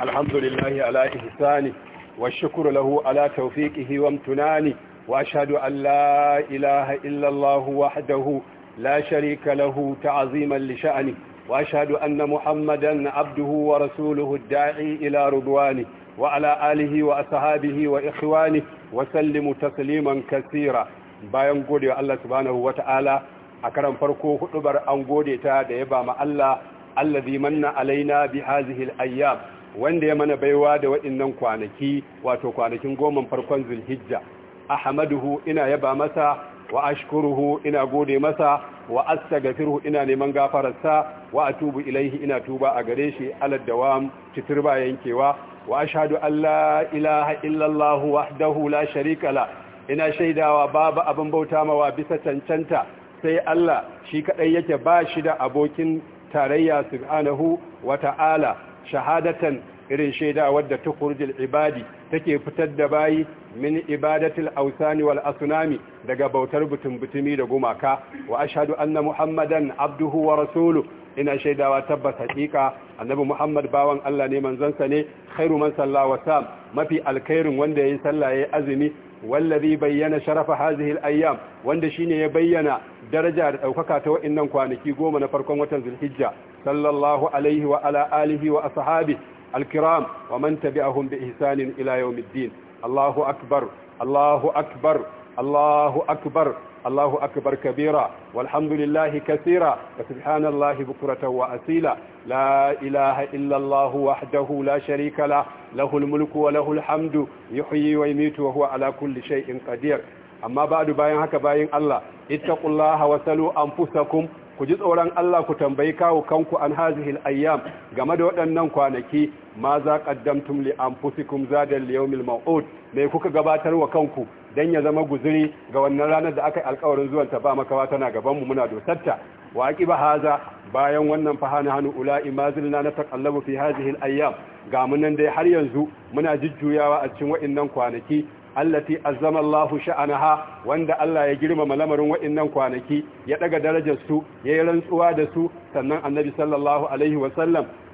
الحمد لله على إحسانه والشكر له على توفيقه وامتنانه وأشهد أن لا إله إلا الله وحده لا شريك له تعظيما لشأنه وأشهد أن محمدا عبده ورسوله الداعي إلى رضوانه وعلى آله وأصحابه وإخوانه وسلم تسليما كثيرا bayan gode الله Allah subhanahu أكرم a karan farko hudubar an gode ta da من علينا ma Allah allazi manna alaina bi al-ayyam wanda ya mana baiwa da waɗannan kwanaki wato kwanakin goman farkon zulhijja ahmaduhu ina yaba masa wa ashkuruhu ina gode masa wa astaghfiruhu ina neman gafararsa wa atubu ilaihi ina tuba a gare shi alad dawam titir ba yankewa wa ashhadu an la ilaha illallah wahdahu la sharika la ina shaidawa babu abin bauta mawa bisa cancanta sai Allah shi kadai yake ba shi da abokin tarayya subhanahu wa ta'ala shahadatan irin shaida wadda tukhrijul ibadi take fitar da bayi min ibadatil awsani wal asnami daga bautar butun butumi da gumaka wa ashhadu anna muhammadan abduhu wa rasuluhu ina shaidawa tabbas hakika annabi muhammad bawan Allah ne manzansa ne khairu man salla wa mafi alkhairin wanda yayin sallah yayin azumi والذي بين شرف هذه الايام وند شيني يبين درجه او فكات وانن كوانكي 10 من فرقون وتن الحجه صلى الله عليه وعلى اله واصحابه الكرام ومن تبعهم باحسان الى يوم الدين الله اكبر الله اكبر الله اكبر الله اكبر كبيرا والحمد لله كثيرا وسبحان الله بكره واصيلا لا إله إلا الله وحده لا شريك له له الملك وله الحمد يحيي ويميت وهو على كل شيء قدير أما بعد باين هكا باين الله اتقوا الله وسلوا أنفسكم ku ji tsoron Allah ku tambayi kawo kanku an hazihil ayyam game da waɗannan kwanaki ma za qaddamtum li anfusikum zadan yawmil maw'ud me kuka gabatar wa kanku dan ya zama guzuri ga wannan ranar da aka yi alkawarin zuwan ta ba makawa tana gabanmu mu muna dosarta wa ba haza bayan wannan fahana hannu ula mazilna na taqallabu fi hadhihi al-ayyam ga munan dai har yanzu muna jujjuyawa a cikin waɗannan kwanaki allati azzama Allahu sha'anaha wanda Allah ya girmama lamarin wa'annan kwanaki ya ɗaga darajar su ya yi rantsuwa da su sannan annabi sallallahu alaihi wa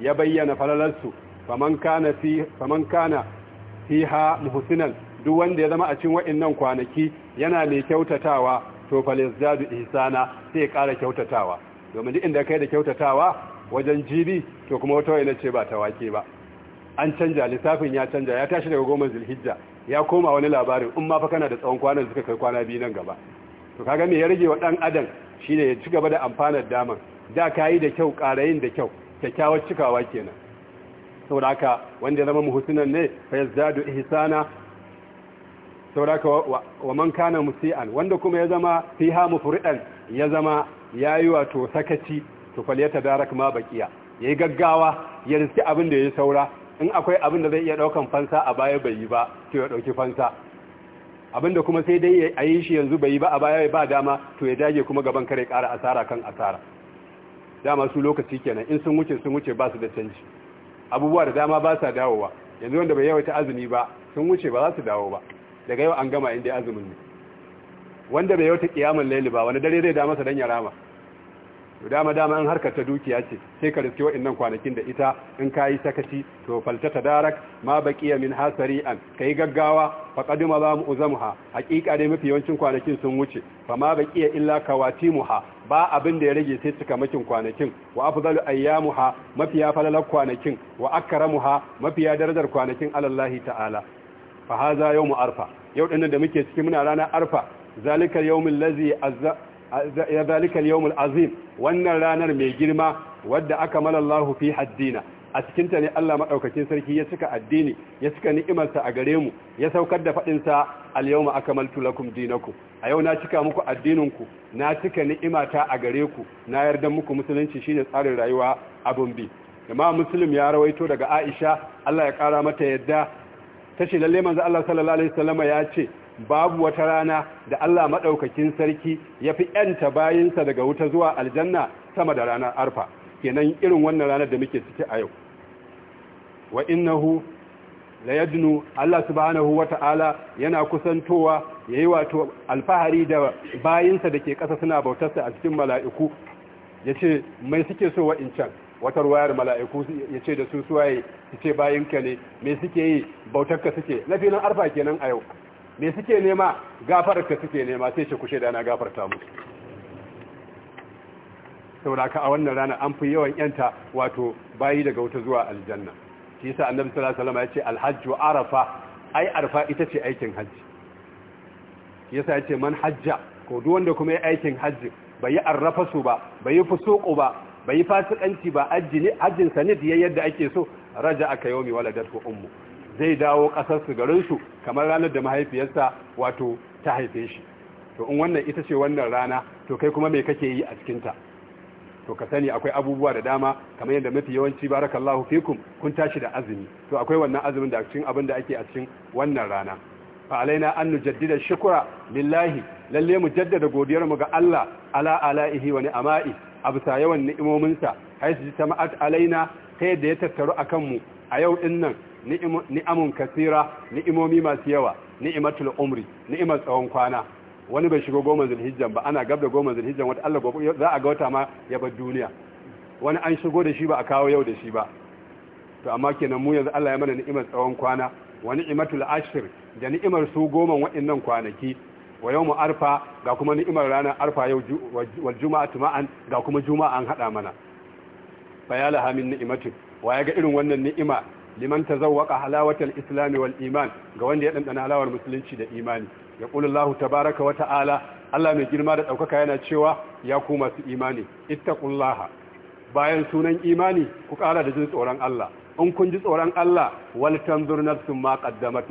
ya bayyana falalarsu faman kana fi faman kana muhsinan duk wanda ya zama a cin wa'annan kwanaki yana mai kyautatawa to falizdadu ihsana sai ya ƙara kyautatawa domin duk inda kai da kyautatawa wajen jibi to kuma wata wayna ce ba ta wake ba an canja lissafin ya canja ya tashi daga goma zulhijja ya koma wani labarin in ma fa kana da tsawon kwanan suka kai kwana biyu nan gaba to kaga me ya rage wa dan adam shine ya ci gaba da amfanar daman da kayi da kyau yin da kyau kyakkyawar cikawa kenan saboda haka wanda ya zama muhsinan ne fa yazdadu ihsana sauraka wa man kana musian wanda kuma ya zama fiha mufridan ya zama yayi wato sakaci to ya darak ma baqiya yayi gaggawa ya riski abin da yayi saura in akwai abin da zai iya daukan fansa a baya bai yi ba to ya dauki fansa abin da kuma sai dai a yi shi yanzu bai yi ba a baya ba dama to ya dage kuma gaban kare kara asara kan asara dama su lokaci kenan in sun wuce sun wuce ba su da canji abubuwa da dama ba sa dawowa yanzu wanda bai yawaita azumi ba sun wuce ba za su dawo ba daga yau an gama inda azumin ne wanda bai ta kiyamun laili ba wani dare zai dama su dan ya rama dama dama an harkar ta dukiya ce sai ka riske wa'annan kwanakin da ita in ka yi sakaci to falta darak ma baqiya min hasari an kai gaggawa fa qadima ba mu uzamuha haqiqa dai mafi yawancin kwanakin sun wuce fa ma baqiya illa ha ba abin da ya rage sai makin kwanakin wa afdalu ha mafiya falalar kwanakin wa akramuha mafiya darajar kwanakin alallahi ta'ala fa haza yawmu arfa yau din da muke ciki muna ranar arfa zalikal yawmul ladzi ya zalikal yawmul azim wannan ranar mai girma wadda aka malalahu fi haddina a cikinta ne Allah maɗaukacin sarki ya cika addini ya cika ni'imarsa a gare mu ya saukar da faɗinsa al-yawma akamaltu lakum dinakum a yau na cika muku addinin ku na cika ni'imata a gare ku na yarda muku musulunci shine tsarin rayuwa abun bi imam muslim ya rawaito daga aisha Allah ya kara mata yadda ta tace lalle manzo Allah sallallahu alaihi wasallam ya ce babu wata rana da Allah madaukakin sarki ya fi yanta bayinsa daga wuta zuwa aljanna sama da ranar arfa kenan irin wannan ranar da muke ciki a yau wa innahu la yadnu Allah subhanahu wata'ala yana kusantowa yayi wato alfahari da bayinsa dake ƙasa suna bautarsa a cikin mala'iku yace mai suke so wa'incan wata ruwayar mala'iku ya ce da su suwaye su ce bayinka ne me suke yi bautarka suke na filin arfa kenan a yau me suke nema gafararka suke nema sai ce kushe da na gafarta mu sauraka ka a wannan rana an fi yawan yanta wato bayi daga wuta zuwa aljanna shi yasa annabi sallallahu alaihi wasallam ya ce alhajju arafa ai arfa ita ce aikin hajji yasa ya ce man hajja ko duk wanda kuma ya aikin hajji bai arrafa su ba bai yi ba bai fasikanci ba ajin sanid ya yadda ake so raja aka yomi ko ummu zai dawo kasar su garin su kamar ranar da mahaifiyarsa wato ta haife shi to in wannan ita ce wannan rana to kai kuma me kake yi a cikin ta to ka sani akwai abubuwa da dama kamar yadda mafi yawanci barakallahu fikum kun tashi da azumi to akwai wannan azumin da cikin abin da ake a cikin wannan rana fa alaina an nujaddida shukra lillahi lalle mu jaddada godiyar mu ga Allah ala alaihi wa ni'ama'i a bisa yawan ni'imominsa haisu ta ma'at alaina ta yadda ya tattaru a kanmu a yau din nan ni'amun kasira ni'imomi masu yawa ni'imatul umri ni'imar tsawon kwana wani bai shigo goma zulhijjan ba ana gab da goma zulhijjan wata Allah za a ga wata ma ya bar duniya wani an shigo da shi ba a kawo yau da shi ba to amma kenan mu yanzu Allah ya mana ni'imar tsawon kwana wa ni'imatul ashir da ni'imar su goma wa'annan kwanaki wa yau arfa ga kuma ni'imar ranar arfa yau wa juma'a tuma'an ga kuma juma'a an haɗa mana bayala hamin ni'imatin wa ya ga irin wannan ni'ima liman waka halawatar islami wal iman ga wanda ya ɗanɗana halawar musulunci da imani ya ta baraka wa ta'ala Allah mai girma da ɗaukaka yana cewa ya ku masu imani ƙullaha. bayan sunan imani ku ƙara da jin tsoron Allah in kun ji tsoron Allah wal tanzur nafsun ma qaddamat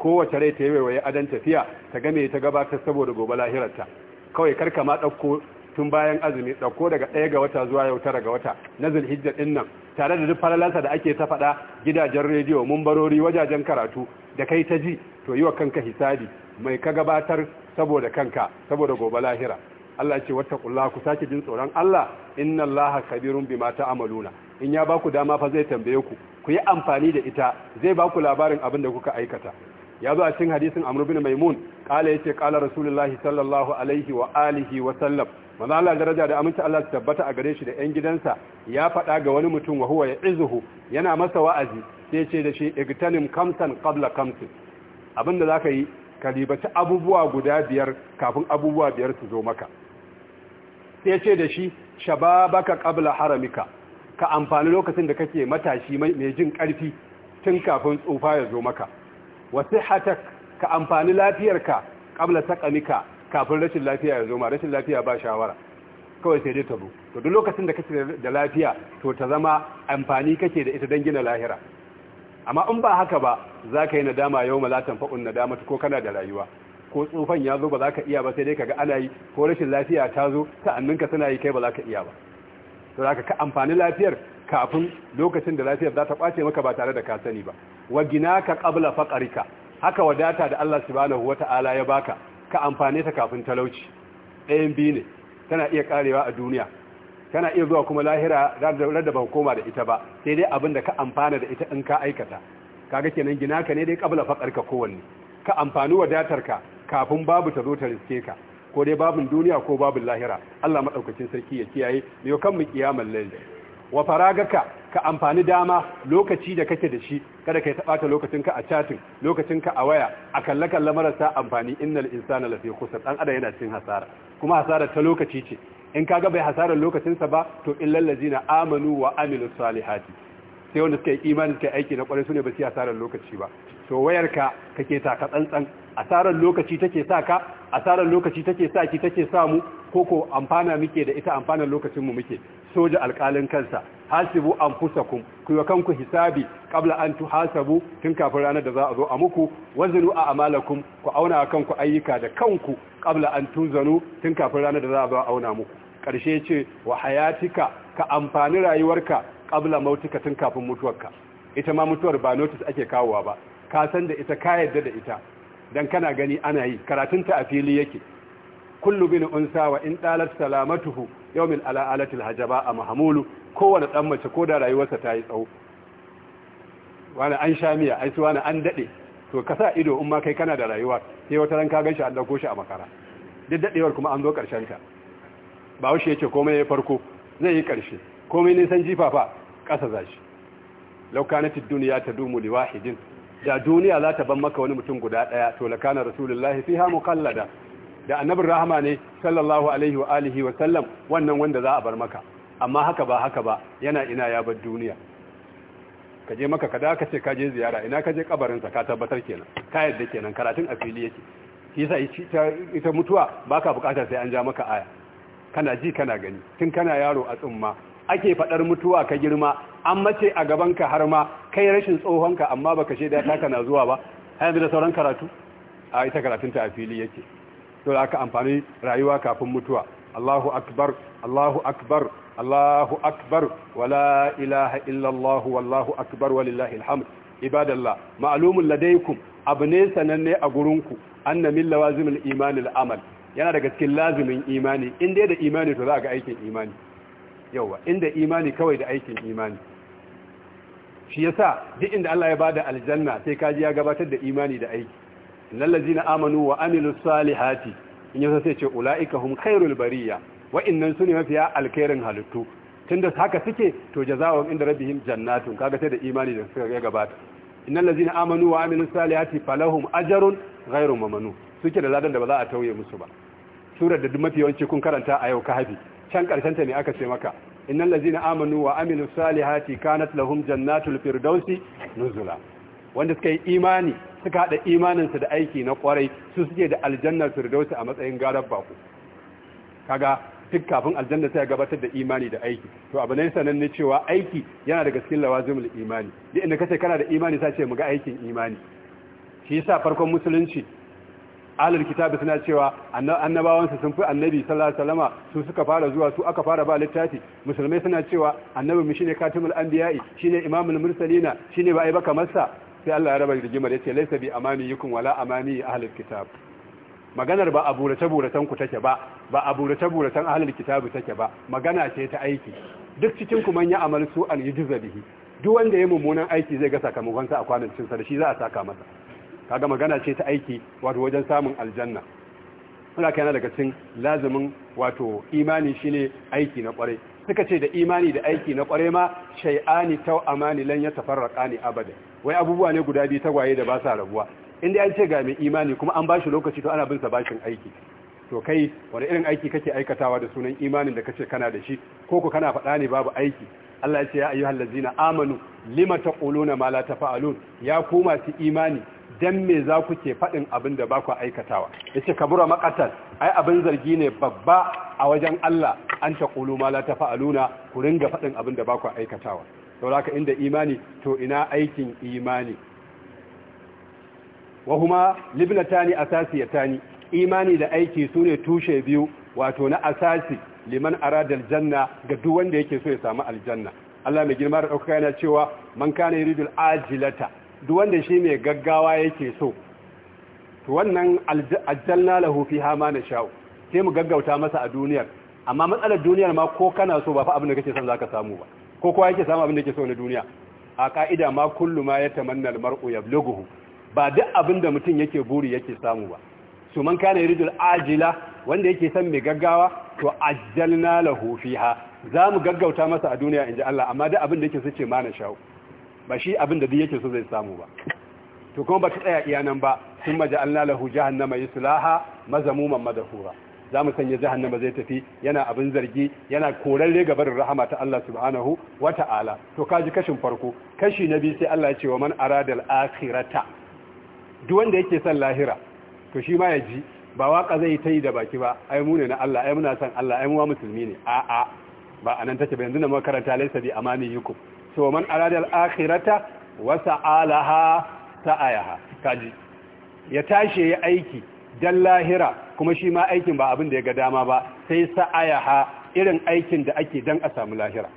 kowace rai ta yi waiwaye adon tafiya ta game ta gabatar saboda gobe lahirarta kawai karka ma ɗauko tun bayan azumi ɗauko daga ɗaya ga wata zuwa yau tara ga wata na zulhijjar ɗin nan tare da duk falalansa da ake ta faɗa gidajen rediyo mumbarori wajajen karatu da kai ta ji to yi wa kanka hisabi mai ka gabatar saboda kanka saboda gobe lahira Allah ce wata kulla ku sake jin tsoron Allah inna laha kabirun bima amaluna in ya baku dama fa zai tambaye ku ku yi amfani da ita zai baku labarin abin da kuka aikata ya zo a cikin hadisin amr bin maimun kala yace kala rasulullahi sallallahu alaihi wa alihi wa sallam manzo Allah daraja da aminci Allah ta tabbata a gare shi da yan gidansa ya faɗa ga wani mutum wa huwa ya'izuhu yana masa wa'azi sai ce da shi igtanim kamsan qabla kamsin abinda zaka yi ka ribaci abubuwa guda biyar kafin abubuwa biyar su zo maka sai ce da shi shababaka qabla haramika ka amfani lokacin da kake matashi mai jin karfi tun kafin tsufa ya zo maka Wasu hata ka amfani lafiyarka qabla taqamika kafin rashin lafiya ya zo rashin lafiya ba shawara kawai sai dai tabo to duk lokacin da kake da lafiya to ta zama amfani kake da ita don gina lahira amma in ba haka ba za ka yi nadama yau malatan na nadama ko kana da rayuwa ko tsufan ya zo ba za ka iya ba sai dai kaga ana yi ko rashin lafiya ta zo sa'anninka suna yi kai ba za ka iya ba to za ka amfani lafiyar kafin lokacin da lafiyar za ta kwace maka ba tare da ka sani ba wa gina ka qabla faƙarika haka wadata da Allah subhanahu ta'ala ya baka ka amfane ta kafin talauci ɗayan biyu ne tana iya ƙarewa a duniya tana iya zuwa kuma lahira da ba koma da ita ba sai dai abin da ka amfana da ita in ka aikata kaga kenan gina ka ne dai ƙabla faƙarika kowanne ka amfani wadatarka kafin babu ta zo ta riske ka ko dai babin duniya ko babin lahira Allah madaukakin sarki ya kiyaye yau kan mu kiyamar lalle wa faragaka ka amfani dama lokaci da kake da shi kada ka lokacin ka a chatin ka a waya a kalle-kalle marasa amfani innal insana lafi khusr dan ada yana cikin hasara kuma hasara ta lokaci ce in kaga bai hasarar lokacinsa ba to illal ladzina amanu wa amilu salihati sai wanda suka yi imani suka aiki na kwarai sune ba su hasarar lokaci ba to wayar ka, kake ka tsantsan asarar lokaci take sa ka asarar lokaci take sa ki take sa mu koko amfana muke da ita amfanar lokacin mu muke soja alkalin kansa hasibu anfusakum ku yi kanku hisabi kabla an tu hasabu tun kafin ranar da za a zo a muku wazinu a amalakum ku auna kanku ayyuka da kanku kabla an zanu tun kafin ranar da za a zo a auna muku karshe ce wa hayatika ka amfani rayuwarka ƙabla mautuka tun kafin mutuwarka ita ma mutuwar ba notice ake kawowa ba ka san da ita ka yadda da ita dan kana gani ana yi karatunta a fili yake kullu bin unsa wa in dalat salamatuhu yawmin ala alati hajaba a mahamulu kowane dan mace ko da rayuwarsa ta yi tsawo wani an sha ai su wani an dade to ka sa ido in ma kai kana da rayuwa sai wata ran ka ganshi an dauko shi a makara duk dadewar kuma an zo karshen ta ba wushe yace komai ya farko zai yi karshe komai san jifafa kasa zashi law kanatid dunya tadumu wahidin da duniya za ta ban maka wani mutum guda daya to lakana rasulullahi fiha muqallada da annabin rahama ne sallallahu alaihi wa alihi wa sallam wannan wanda za a bar maka amma haka ba haka ba yana ina ya bar duniya ka je maka kada ka ce ka je ziyara ina ka je kabarin sa ka tabbatar kenan ka yadda kenan karatun asili yake shi sa ita mutuwa baka bukata sai an ja maka aya kana ji kana gani tun kana yaro a tsumma ake fadar mutuwa ka girma an mace a gaban ka har ma kai rashin tsohon ka amma baka shaida ta kana zuwa ba har da sauran karatu a ita karatun ta a fili yake to aka amfani rayuwa kafin mutuwa Allahu akbar Allahu akbar Allahu akbar wala ilaha illa Allah wallahu akbar walillahi alhamd ibadallah ma'lumun ladaykum abne sananne a gurinku anna min lawazimul imanil amal yana daga cikin lazimin imani in dai da imani to za ga aikin imani yawa inda imani kawai da aikin imani shi yasa duk inda Allah ya bada aljanna sai kaji ya gabatar da imani da aiki lallazina amanu wa amilus salihati in yasa sai ce ulaika hum khairul bariya wa'annan sune mafiya alkhairin halittu tunda haka suke to jazawun inda rabbihim jannatun kaga sai da imani da suka gabata innal ladzina amanu wa amilus salihati falahum ajrun ghairu mamnun suke da ladan da ba za a tauye musu ba surar da duk mafi kun karanta a yau kahabi can karshen ta ne aka ce maka innal ladzina amanu wa amilus salihati kanat lahum jannatul firdausi nuzula wanda suka yi imani suka haɗa imaninsu da aiki na kwarai su suke da aljannar firdausi a matsayin garar baku kaga duk kafin aljanna sai gabatar da imani da aiki to abu ne sananne cewa aiki yana daga cikin lawazimul imani duk inda kace kana da imani sai ce muga aikin imani shi yasa farkon musulunci ahlul kitabi suna cewa annabawan su sun fi annabi sallallahu alaihi wasallama su suka fara zuwa su aka fara ba littafi musulmai suna cewa annabi mu shine katimul anbiya'i shine imamul mursalina shine ba ai ba kamar sa sai Allah ya raba rigimar yace laysa bi amaniyikum wala amani ahli alkitab maganar ba a burace buratan ku take ba ba a burace buratan ahli alkitab take ba magana ce ta aiki duk cikin ku manya amal su an yujza bihi duk wanda ya mummunan aiki zai ga sakamakon sa a kwanan cin sa da shi za a saka masa kaga magana ce ta aiki wato wajen samun aljanna Allah na daga cikin lazumin wato imani shine aiki na kwarai suka ce da imani da aiki na kwarai ma shay'ani tau amani lan yatafarraqani abada wai abubuwa ne guda biyu ta tagwaye da ba sa rabuwa inda an ce ga mai imani kuma an ba shi lokaci to ana bin sa bashin aiki to kai wani irin aiki kake aikatawa da sunan imanin da kace kana da shi ko ku kana faɗa ne babu aiki Allah ya ce ya ayyuhal ladzina amanu lima taquluna ma la tafa'alun ya kuma su imani dan me za ku ke faɗin abin da ba ku aikatawa yace kabura maqatan ai abin zargi ne babba a wajen Allah an taqulu ma la tafa'aluna ku ringa faɗin abin da ba ku aikatawa sauraka inda imani to ina aikin imani wahuma libnatani asasiyatani imani da aiki sune tushe biyu wato na asasi liman arada aljanna ga duk wanda yake so ya samu aljanna Allah mai girma da ɗaukaka yana cewa man kana yuridul ajilata duk wanda shi mai gaggawa yake so to wannan aljanna lahu fiha ma nasha'u sai mu gaggauta masa a duniyar amma matsalar duniyar ma ko kana so ba fa abin da kake son zaka samu ba ko kowa yake samu abin da yake so na duniya a ka'ida ma kullu ma yatamanna almar'u yablughu ba duk abin da mutum yake buri yake samu ba su man kana yuridul ajila wanda yake son mai gaggawa to ajjalna lahu fiha za mu gaggauta masa a duniya inji Allah amma duk abin da yake so ce ma na shawo ba shi abin da duk yake so zai samu ba to kuma ba ta tsaya iya nan ba sun maja'alna lahu jahannama yuslaha mazamuman madafura. za mu sanya jahannama zai tafi yana abin zargi yana korarre ga barin rahama ta Allah subhanahu wa ta'ala to kaji kashin farko kashi na biyu sai Allah ya ce wa man al akhirata duk wanda yake son lahira to shi ma ya ji ba waka zai ta yi da baki ba ai mu ne na Allah ai muna son Allah ai mu musulmi ne a a ba anan take ba yanzu na makaranta laysa bi amani yukum so man arada al akhirata wa sa'alaha ka kaji ya tashi ya aiki dan lahira kuma shi ma aikin ba abin da ya ga dama ba sai sa'ayaha irin aikin da ake dan a samu lahira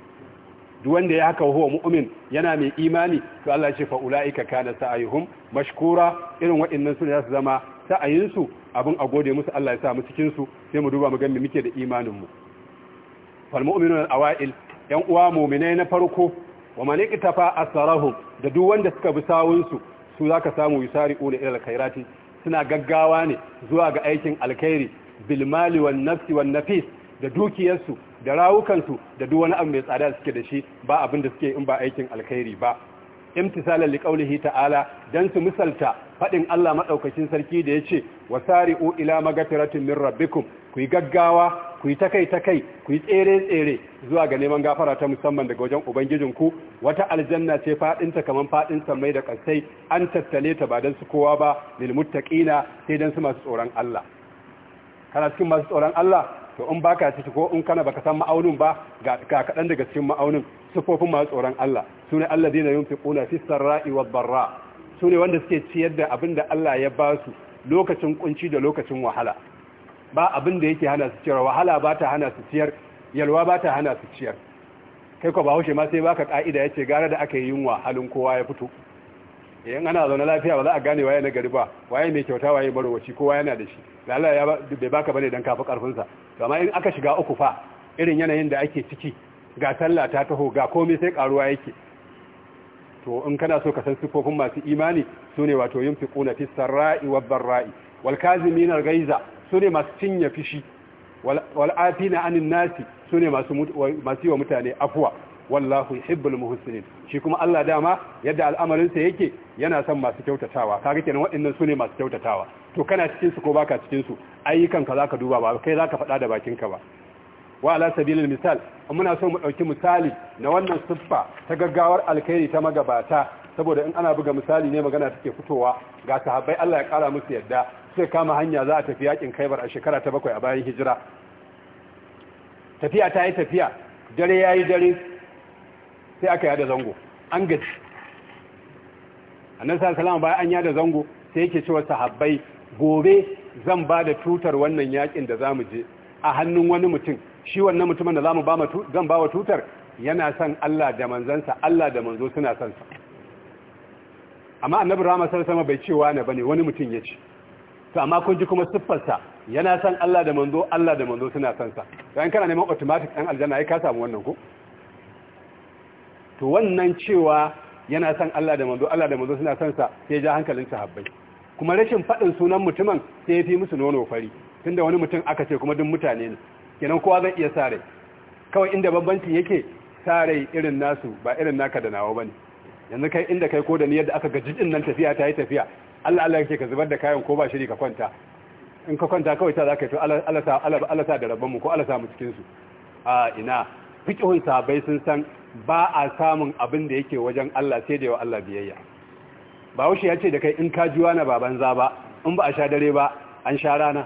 duk wanda ya haka huwa mu'min yana mai imani to Allah ya ce fa ulaika kana sa'ayuhum mashkura irin waɗannan su ne za su zama sa'ayinsu abin a gode musu Allah ya sa mu cikin su sai mu duba mu ga muke da imanin mu fal mu'minuna al-awa'il yan uwa mu'minai na farko wa man iktafa asrahum da duk wanda suka bi sawunsu su su zaka samu yusari'una ila al-khairati suna gaggawa ne zuwa ga aikin alkhairi bilmali wan nafsi nafis da dukiyarsu da rawukansu da duk wani abu mai tsada suke da shi ba abin da suke in ba aikin alkhairi ba imtisalan liqaulihi ta'ala dan su misalta fadin Allah madaukakin sarki da yace wasari'u ila magatiratin min rabbikum ku yi gaggawa ku yi ta kai ta kai ku yi tsere tsere zuwa ga neman gafara ta musamman daga wajen ubangijinku wata aljanna ce faɗinta kamar faɗin samai da kasai an tattale ta ba dan su kowa ba lil muttaqina sai dan su masu tsoron Allah kana cikin masu tsoron Allah to in baka ci ko in kana baka san ma'aunin ba ga kaɗan daga cikin ma'aunin sufofin masu tsoron Allah su ne Allah na yin fiƙuna fi sarra'i wa barra su wanda suke ciyar da abinda Allah ya ba su lokacin kunci da lokacin wahala ba abin da yake hana su ciyar wahala ba ta hana su ciyar yalwa ba ta hana su ciyar kai ko bahaushe ma sai baka ka'ida yace gara da aka yi yunwa halin kowa ya fito eh, idan ana zaune lafiya ba za a gane waye na gari ba waye mai kyauta waye marowaci kowa yana da shi lalla ya bai baka bane dan kafa karfin sa amma in aka shiga uku fa irin yanayin da ake ciki ga sallah ta taho ga komai sai karuwa yake to in kana so ka san sifofin masu imani sune wato yunfiquna fis sarra'i wal dharra'i wal kazimin al ghaiza su ne masu cinye fishi na anin nasi su ne masu yi wa mutane afuwa wallahu hibbul muhsinin shi kuma Allah dama yadda al'amarinsa yake yana son masu kyautatawa kaga kenan waɗannan su ne masu kyautatawa to kana cikin su ko baka cikin su ayyukan ka zaka duba ba kai zaka faɗa da bakin ka ba wa ala sabilil misal muna so mu dauki misali na wannan siffa ta gaggawar alkhairi ta magabata saboda in ana buga misali ne magana take fitowa ga sahabbai Allah ya kara musu yadda sai kama hanya za a tafi yakin kaibar a shekara ta bakwai a bayan hijira tafiya ta yi tafiya dare ya yi dare sai aka yada zango an a annan sa salama bayan an yada zango sai yake cewa sahabbai gobe zan ba da tutar wannan yakin da za mu je a hannun wani mutum shi wannan mutumin da za mu zan ba wa tutar yana son Allah da manzansa Allah da manzo suna son sa amma annabi rama sarsama bai cewa ne bane wani mutum ya ce to amma kun ji kuma siffarsa yana san Allah da manzo Allah da manzo suna san sa dan kana neman automatic dan aljanna ai ka samu wannan ko to wannan cewa yana san Allah da manzo Allah da manzo suna san sa sai ja hankalin sahabbai kuma rashin faɗin sunan mutumin sai ya fi musu nono fari tunda wani mutum aka ce kuma duk mutane ne kenan kowa zai iya sare kawai inda bambancin yake sare irin nasu ba irin naka da nawa bane yanzu kai inda kai ko da ni yadda aka ga din nan tafiya ta yi tafiya Allah Allah yake ka zubar da kayan ko ba shiri ka kwanta in ka kwanta kawai ta za ka yi to Allah sa da rabbanmu ko Allah sa mu cikinsu a ina fikihun sabai sun san ba a samun abin da yake wajen Allah sai da yawa Allah biyayya ba wushe ya ce da kai in ka juwa na baban za ba in ba a sha dare ba an sha rana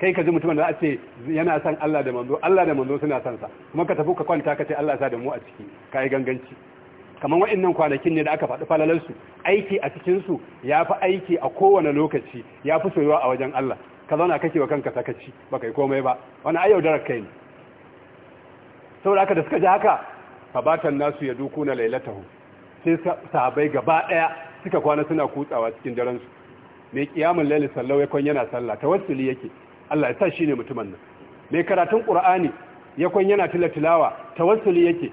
kai ka ji mutumin da a ce yana san Allah da manzo Allah da manzo suna san sa kuma ka tafi ka kwanta ka ce Allah sa da mu a ciki kai ganganci kamar waɗannan kwanakin ne da aka faɗi falalarsu aiki a cikinsu ya fi aiki a kowane lokaci ya fi soyuwa a wajen Allah ka zauna kake wa kanka sakaci ba kai komai ba wani ayyau darar kai ne saboda aka da suka ji haka fabatan nasu ya duku na lailatahu sai sahabai gaba ɗaya suka kwana suna kutsawa cikin daransu mai kiyamun laili sallau ya kwan yana sallah tawassuli yake Allah ya sa shine mutumin nan mai karatun qur'ani ya kwan yana tilatilawa tawassuli yake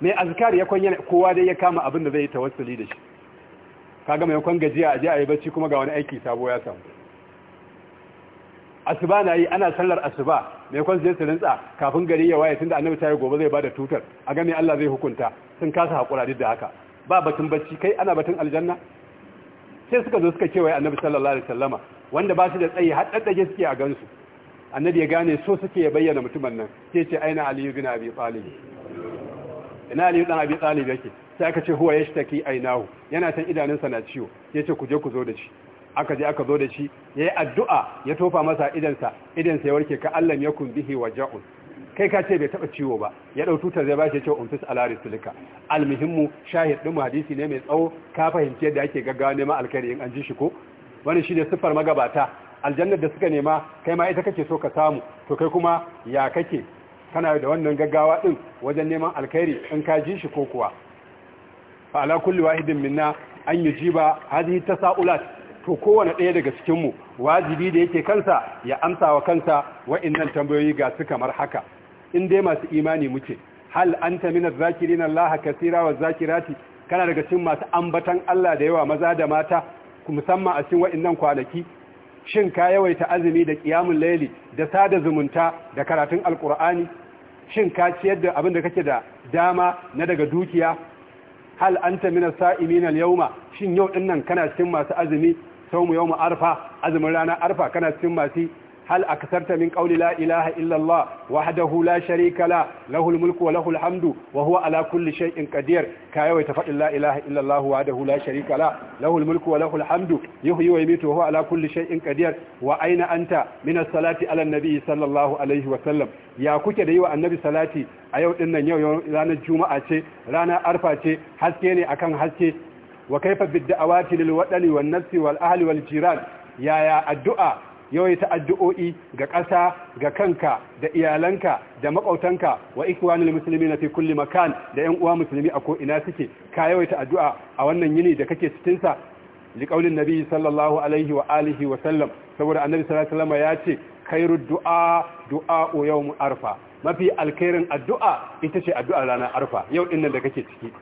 mai azkar ya kwanya kowa dai ya kama abin da zai yi tawassuli da shi ga mai kwan gajiya a ji a yi bacci kuma ga wani aiki sabo ya samu asuba na yi ana sallar asuba mai kwan zai sirinsa kafin gari ya waye tun da annabi ta yi gobe zai bada tutar a ga Allah zai hukunta sun kasa haƙura duk da haka ba batun bacci kai ana batun aljanna sai suka zo suka kewaye annabi sallallahu alaihi wasallama wanda ba su da tsayi har daddage suke a gansu annabi ya gane so suke ya bayyana mutumin nan sai ce aina aliyu a abi talib ina ali dan abi talib yake sai aka ce huwa yashtaki ainahu yana san idanunsa na ciwo yace ku je ku zo da shi aka je aka zo da shi yayi addu'a ya tofa masa idansa idansa ya warke ka allah ya kun bihi waja'un kai ka ce bai taba ciwo ba ya dau tutar zai bashi ya ce umtis ala silika. almuhimmu shahid din hadisi ne mai tsawo ka fahimci yadda ake gaggawa neman alkhairi in an ji shi ko wannan ne siffar magabata aljannar da suka nema kai ma ita kake so ka samu to kai kuma ya kake kana da wannan gaggawa din wajen neman alkhairi in ka ji shi ko kuwa fa ala kulli wahidin minna an yujiba hadhihi tasaulat to kowane ɗaya daga cikin mu wajibi da yake kansa ya amsa wa kansa wa'annan tambayoyi ga su kamar haka in dai masu imani muke hal anta min az-zakirin Allah katira wa zakirati kana daga cikin masu ambatan Allah da yawa maza da mata musamman a cikin wa'annan kwanaki shin ka yawaita azumi da kiyamun layli da sada zumunta da karatun Alƙur'ani? shin ka ciyar da abin da kake da dama na daga dukiya hal anta min as-sa'imin al-yawma shin yau dinnan kana cikin masu azumi sau mu yau mu arfa azumin rana arfa kana cikin masu هل أكثرت من قول لا إله إلا الله وحده لا شريك له له الملك وله الحمد وهو على كل شيء قدير كايو يتفعل لا إله إلا الله وحده لا شريك له له الملك وله الحمد يحيي ويميت وهو على كل شيء قدير وأين أنت من الصلاة على النبي صلى الله عليه وسلم ya kuke da yi wa annabi salati a yau dinnan yau ranar juma'a ce ranar arfa ce haske ne akan haske wa kaifa bid da'awati lil wadani wan nafsi wal ahli wal jiran yaya addu'a yawaita addu'o'i ga ƙasa ga kanka da iyalanka da maƙautanka wa musulmi na fi kulli makan da 'yan uwa musulmi a ko'ina suke ka yawaita addu'a a wannan yini da kake cikinsa. sa liqaulin nabi sallallahu alaihi wa alihi wa sallam saboda annabi sallallahu ya ce kairu du'a du'a mu arfa mafi alkhairin addu'a ita ce addu'a ranar arfa yau din nan da kake ciki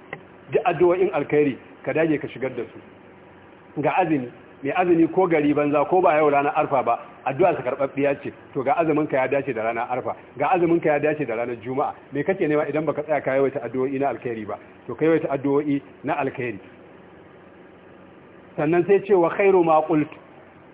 duk addu'o'in alkairi ka dage ka shigar da su ga azumi mai azumi ko gari banza ko ba yau ranar arfa ba addu'a sa karɓaɓɓiya ce to ga azumin ya dace da ranar arfa ga azumin ya dace da ranar juma'a me kake nema idan baka tsaya kai wata addu'o'i na alkhairi ba to kai wata addu'o'i na alkhairi sannan sai ce wa khairu ma qult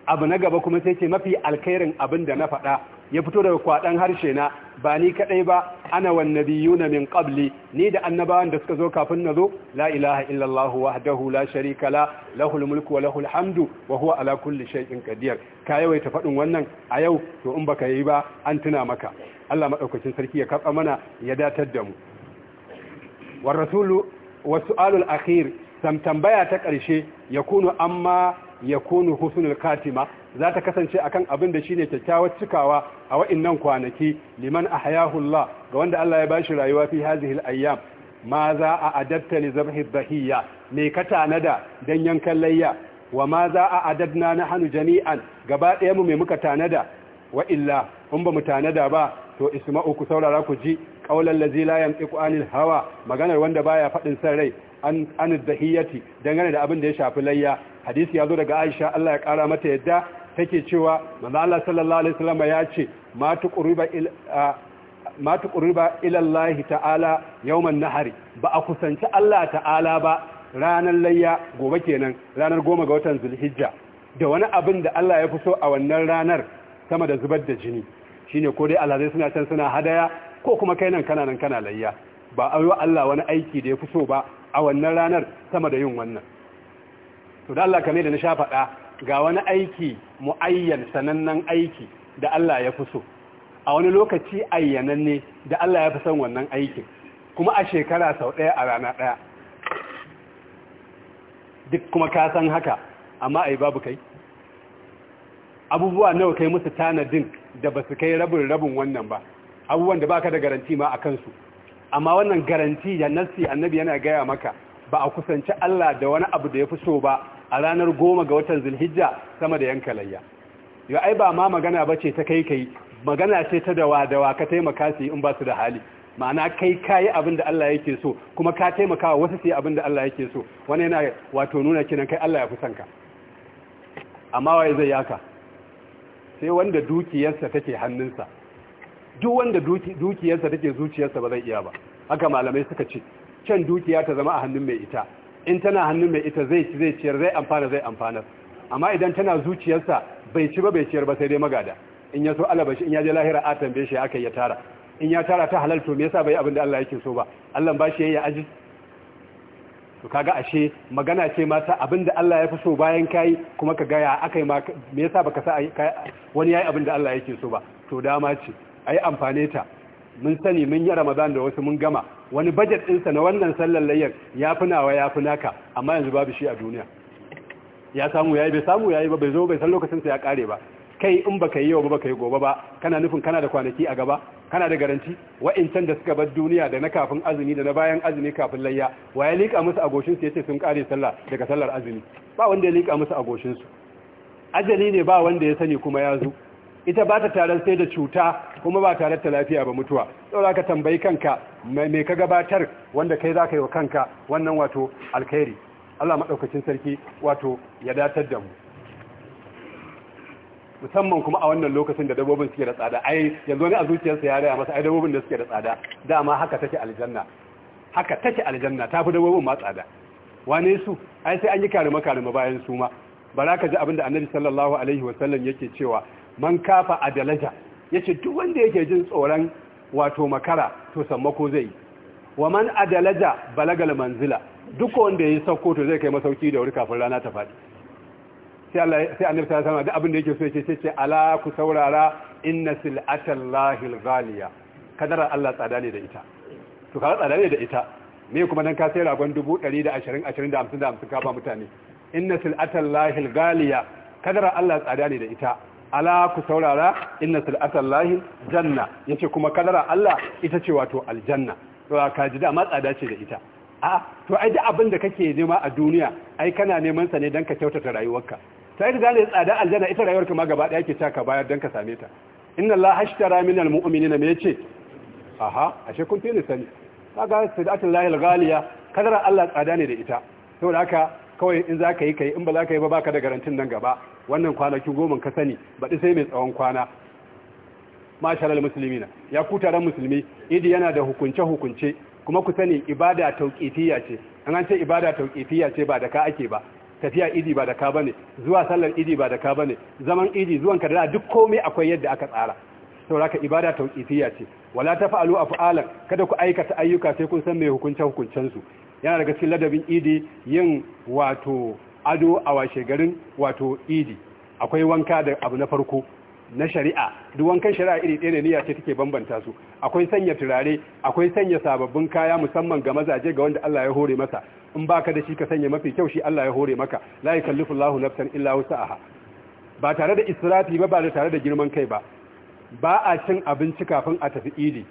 abu na gaba kuma sai ce mafi alkhairin abin da na faɗa ya fito daga kwaɗan harshe na ba ni kaɗai ba ana biyu na min kabli ni da annabawan da suka zo kafin na zo la ilaha illallah wahdahu la sharika la lahul mulku wa lahul hamdu wa huwa ala kulli shay'in qadir ka yawaita faɗin wannan a yau to in baka yi ba an tuna maka Allah madaukakin sarki ya kafa mana ya datar da mu war rasulu wa su'alul akhir sam tambaya ta ƙarshe yakunu amma ya yakunu husnul katima za ta kasance akan abin da shine kyakkyawar cikawa a wa'annan kwanaki liman ahyahu Allah ga wanda Allah ya bashi rayuwa fi hadhihi al-ayyam ma za a adabta li zabhi me ka tanada dan yankan layya wa ma za a na nahnu jami'an gaba ɗaya mu me muka tanada wa illa in ba mu da ba to isma'u ku saurara ku ji qaulal ladzi la yantiqu anil hawa maganar wanda baya fadin san rai an an dahiyati dangane da abin da ya shafi layya hadisi ya zo daga Aisha Allah ya kara mata yadda take cewa manzo Allah sallallahu alaihi wasallam ya ce ma tuqriba il ma tuqriba ila Allah ta'ala yawman ba a kusanci Allah ta'ala ba ranar layya gobe kenan ranar goma ga watan zulhijja da wani abin da Allah ya fi so a wannan ranar sama da zubar da jini shine ko dai alhazai suna can suna hadaya ko kuma kai nan kana nan kana layya ba a yi wa Allah wani aiki da ya fi so ba a wannan ranar sama da yin wannan to da Allah kame da na sha faɗa ga wani aiki mu'ayyan sanannen aiki da Allah ya fi so a wani lokaci ayyananne da Allah ya fi son wannan aikin kuma a shekara sau ɗaya a rana ɗaya duk kuma ka san haka amma ai babu kai abubuwa nawa kai musu tanadin da ba su kai rabin rabin wannan ba abubuwan da baka da garanti ma a kansu amma wannan garanti da nassi annabi yana gaya maka ba a kusanci Allah da wani abu da ya fi so ba a ranar goma ga watan zulhijja sama da yanka layya yo ai ba ma magana bace ce ta kai kai magana ce ta dawa dawa ka taimaka su in ba su da hali ma'ana kai kayi abin da Allah yake so kuma ka taimaka wasu su yi abin da Allah yake so wani yana wato nuna kinan kai Allah ya fi ka amma waye zai yaka sai wanda dukiyarsa take hannunsa duk wanda dukiyarsa take zuciyarsa ba zai iya ba haka malamai suka ce can dukiya ta zama a hannun mai ita in tana hannun mai ita zai ci zai ciyar zai amfana zai amfanar amma idan tana zuciyarsa bai ci ba bai ciyar ba sai dai magada in ya so alabashi in ya je lahira a tambaye shi aka ya tara in ya tara ta halal to me yasa bai abin da Allah yake so ba Allah ba shi yayi aji to kaga ashe magana ce mata abinda Allah ya fi so bayan kai kuma ka gaya akai ma me yasa baka sa wani yayi abinda Allah yake so ba to dama ce ai amfane ta mun sani mun yi Ramadan da wasu mun gama wani budget din sa na wannan sallar layyar ya fi nawa ya fi naka amma yanzu babu shi a duniya ya samu yayi bai samu yayi ba bai zo bai san lokacin sa ya kare ba kai in baka yi yau ba baka yi gobe ba kana nufin kana da kwanaki a gaba kana da garanti wa'incan da suka bar duniya da na kafin azumi da na bayan azumi kafin layya wa ya liƙa musu agoshin su yace sun kare sallah daga sallar azumi ba wanda ya liƙa musu agoshin su ajali ne ba wanda ya sani kuma ya zo ita ba ta tare sai da cuta kuma ba tare da lafiya ba mutuwa sai ka tambayi kanka me ka gabatar wanda kai zaka yi wa kanka wannan wato alkhairi Allah madaukakin sarki wato ya datar da mu musamman kuma a wannan lokacin da dabobin suke da tsada ai yanzu ne a zuciyarsa ya raya masa ai dabbobin da suke da tsada dama haka take aljanna haka take aljanna tafi dabbobin ma tsada wane su ai sai an yi karima karima bayan su ma bara ji abinda annabi sallallahu alaihi wa sallam yake cewa man kafa adalaja yace duk wanda yake jin tsoron wato makara to sammako zai yi wa man adalaja balagal manzila duk wanda ya sauko to zai kai masauki da wuri kafin rana ta faɗi sai Allah sai annabi sallallahu alaihi abin da yake so yake ce ala ku saurara inna silatallahi alghaliya kadara Allah tsada ne da ita to ka tsada ne da ita me kuma dan ka sai ragon 120 da da 50 da ka ba mutane inna silatallahi alghaliya kadara Allah tsada ne da ita ala ku saurara inna silatallahi janna yace kuma kadara Allah ita ce wato aljanna to ka ji da ma tsada ce da ita a to ai da abin da kake nema a duniya ai kana neman sa ne dan ka kyautata rayuwarka sai ka gane tsada aljanna ita rayuwar ma gaba daya ke taka bayar dan ka same ta inna Allah hashtara minal mu'minina me yace aha ashe kun fi sani kaga sadatul al ghaliya kadara Allah tsada ne da ita saboda haka kawai in zaka yi kai in ba zaka yi ba baka da garantin nan gaba wannan kwanaki goma ka sani baɗi sai mai tsawon kwana masharar musulmi na ya ku ran musulmi idi yana da hukunce-hukunce kuma ku sani ibada tauƙifiya ce an an ce ibada tauƙifiya ce ba da ka ake ba tafiya idi ba da ka bane zuwa sallar idi ba da ka bane zaman idi zuwan ka da duk komai akwai yadda aka tsara sauraka ibada tauqifiyya ce wala tafa'alu af'alan kada ku aikata ayyuka sai kun san me hukuncin hukuncen su yana daga cikin ladabin idi yin wato ado a washe garin wato idi akwai wanka da abu na farko na shari'a duk wankan shari'a iri ɗaya ne niyya ce take bambanta su akwai sanya turare akwai sanya sababbin kaya musamman ga mazaje ga wanda Allah ya hore masa in baka da shi ka sanya mafi kyau shi Allah ya hore maka la yukallifu Allahu nafsan illa wus'aha ba tare da israfi ba ba tare da girman kai ba ba a cin abinci kafin a tafi idi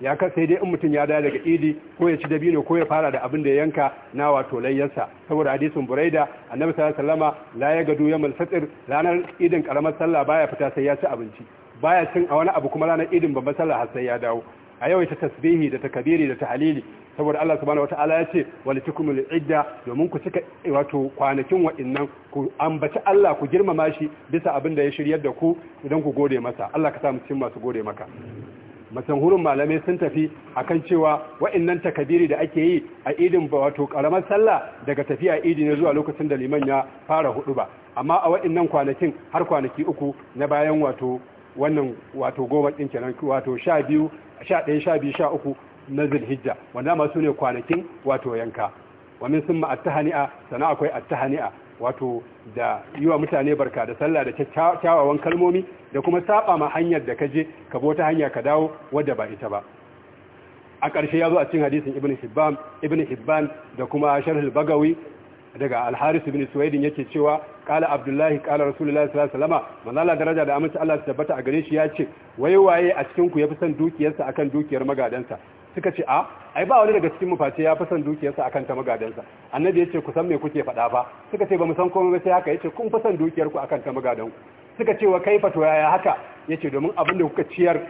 ya ka sai dai in mutum ya dawo daga idi ko ya ci dabino ko ya fara da abin da yanka na wato layyarsa saboda hadisin buraida annabi sallallahu alaihi wasallam la ya gadu yamal fatir ranar idin karamar sallah baya fita sai ya ci abinci baya cin a wani abu kuma ranar idin babban sallah har sai ya dawo a yawaita tasbihi da takabiri da tahlili saboda Allah subhanahu wataala ya ce walitukumul idda domin ku cika wato kwanakin wa'annan ku ambaci Allah ku girmama shi bisa abin da ya shiryar da ku idan ku gode masa Allah ka sa mu cikin masu gode maka masanhurin malamai sun tafi akan cewa wa'annan takabiri da ake yi a idin wato karamar sallah daga tafiya idi ne zuwa lokacin da liman ya fara hudu ba amma a wa'annan kwanakin har kwanaki uku na bayan wato wannan wato goma din kenan wato sha biyu 11 12 13 na hijja wanda su ne kwanakin wato yanka wa min summa sana akwai attahani'a wato da yi wa mutane barka da sallah da kyawawan kalmomi da kuma saba ma hanyar da kaje ka bota hanya ka dawo wadda ba ita ba a ƙarshe ya zo a cikin hadisin ibn hibban hibban da kuma sharh bagawi daga al-haris ibn suwaidin yake cewa qala abdullahi qala rasulullahi sallallahu alaihi wasallam manala daraja da aminci Allah tabbata a gare shi ya ce wai waye a cikin ku yafi son dukiyarsa akan dukiyar magadansa suka ce a ai ba wani daga cikin mu face ya fi son dukiyarsa akan ta magadansa annabi yace ku san me kuke faɗa ba suka ce ba mu san komai ba sai haka yace kun fi son dukiyarku akan ta magadanku suka ce wa kaifa to yaya haka yace domin abin da kuka ciyar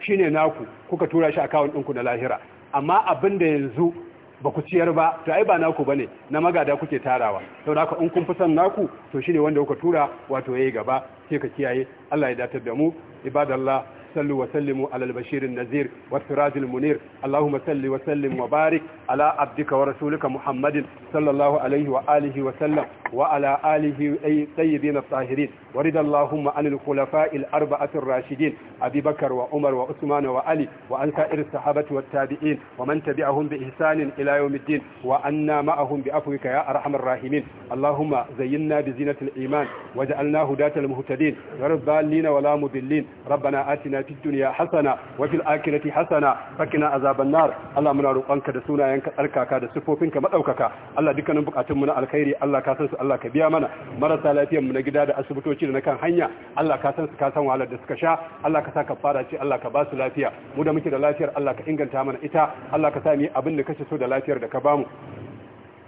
shine naku kuka tura shi akawun ɗinku na lahira amma abin da yanzu ba ku ciyar ba to ai ba naku bane na magada kuke tarawa to haka in kun fi son naku to shine wanda kuka tura wato yayi gaba sai ka kiyaye Allah ya datar da mu ibadallah صلوا وسلموا على البشير النذير والسراج المنير اللهم صل وسلم وبارك على عبدك ورسولك محمد صلى الله عليه وآله وسلم وعلى آله الطيبين الطاهرين ورد اللهم عن الخلفاء الأربعة الراشدين أبي بكر وعمر وعثمان وعلي وعن سائر الصحابة والتابعين ومن تبعهم بإحسان إلى يوم الدين وأنا معهم بأفوك يا أرحم الراحمين اللهم زينا بزينة الإيمان وجعلنا هداة المهتدين غير الضالين ولا مضلين ربنا آتنا في الدنيا حسنة وفي الآخرة حسنة فكنا عذاب النار الله منا روقانك da sunayenka tsarkaka da sifofinka madaukaka Allah dukkanin bukatunmu na alkhairi Allah ka su Allah ka biya mana marasa lafiyar mu na gida da asibitoci da na kan hanya Allah ka su ka san wahalar da suka sha Allah ka sa ka fara ce Allah ka ba su lafiya mu da muke da lafiyar Allah ka inganta mana ita Allah ka sa mu da kace so da lafiyar da ka bamu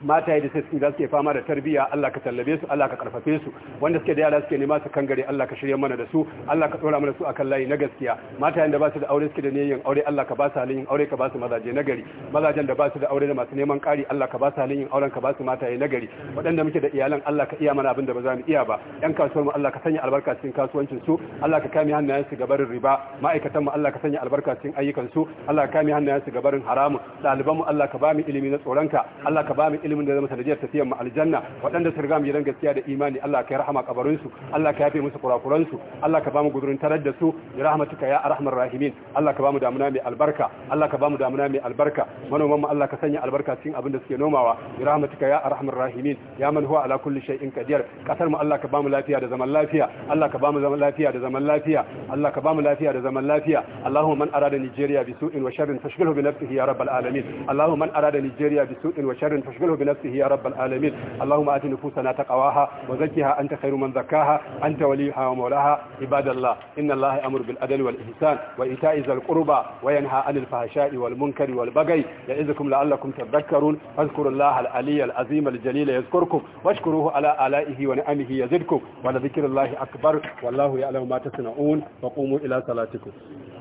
mataye da suke su suke fama da tarbiyya Allah ka tallabe su Allah ka karfafe su wanda suke da yara suke nema su kangare Allah ka shirye mana da su Allah ka tsora mana su akan layi na gaskiya matayen da ba su da aure suke da niyyar aure Allah ka ba su halin aure ka ba su mazaje na gari mazajen da ba su da aure da masu neman ƙari Allah ka ba su halin auren ka ba su mataye na gari waɗanda muke da iyalan Allah ka iya mana abin da ba za mu iya ba yan kasuwar mu Allah ka sanya albarka cikin kasuwancin su Allah ka kame hannayen su gabarin riba ma'aikatan mu Allah ka sanya albarka cikin ayyukan su Allah ka kame hannayen su gabarin haramun ɗaliban mu Allah ka ba mu ilimi na tsoronka Allah ka ba mu ilimin da zama sanadiyar tafiyar mu aljanna waɗanda su riga mu gidan gaskiya da imani Allah ka yi rahama kabarin su Allah ka yafe musu kurakuran su Allah ka ba mu gudurin tarar da su bi rahmatuka ya arhamar rahimin Allah ka ba mu damuna mai albarka Allah ka ba mu damuna mai albarka manoman mu Allah ka sanya albarka cikin abin da suke nomawa bi rahmatuka ya arhamar rahimin ya man huwa ala kulli shay'in qadir kasar mu Allah ka ba mu lafiya da zaman lafiya Allah ka ba mu zaman lafiya da zaman lafiya Allah ka ba mu lafiya da zaman lafiya Allahumma man arada Nigeria bi su'in wa sharrin fashghilhu bi nafsihi ya rabbal alamin Allahumma man arada Nigeria bi su'in wa sharrin fashghilhu بنفسه يا رب العالمين اللهم آت نفوسنا تقواها وزكها أنت خير من زكاها أنت وليها ومولاها عباد الله إن الله أمر بالعدل والإحسان وإيتاء ذي القربى وينهى عن الفحشاء والمنكر والبغي يعظكم لعلكم تذكرون فاذكروا الله العلي العظيم الجليل يذكركم واشكروه على آلائه ونعمه يزدكم ولذكر الله أكبر والله يعلم ما تصنعون وقوموا إلى صلاتكم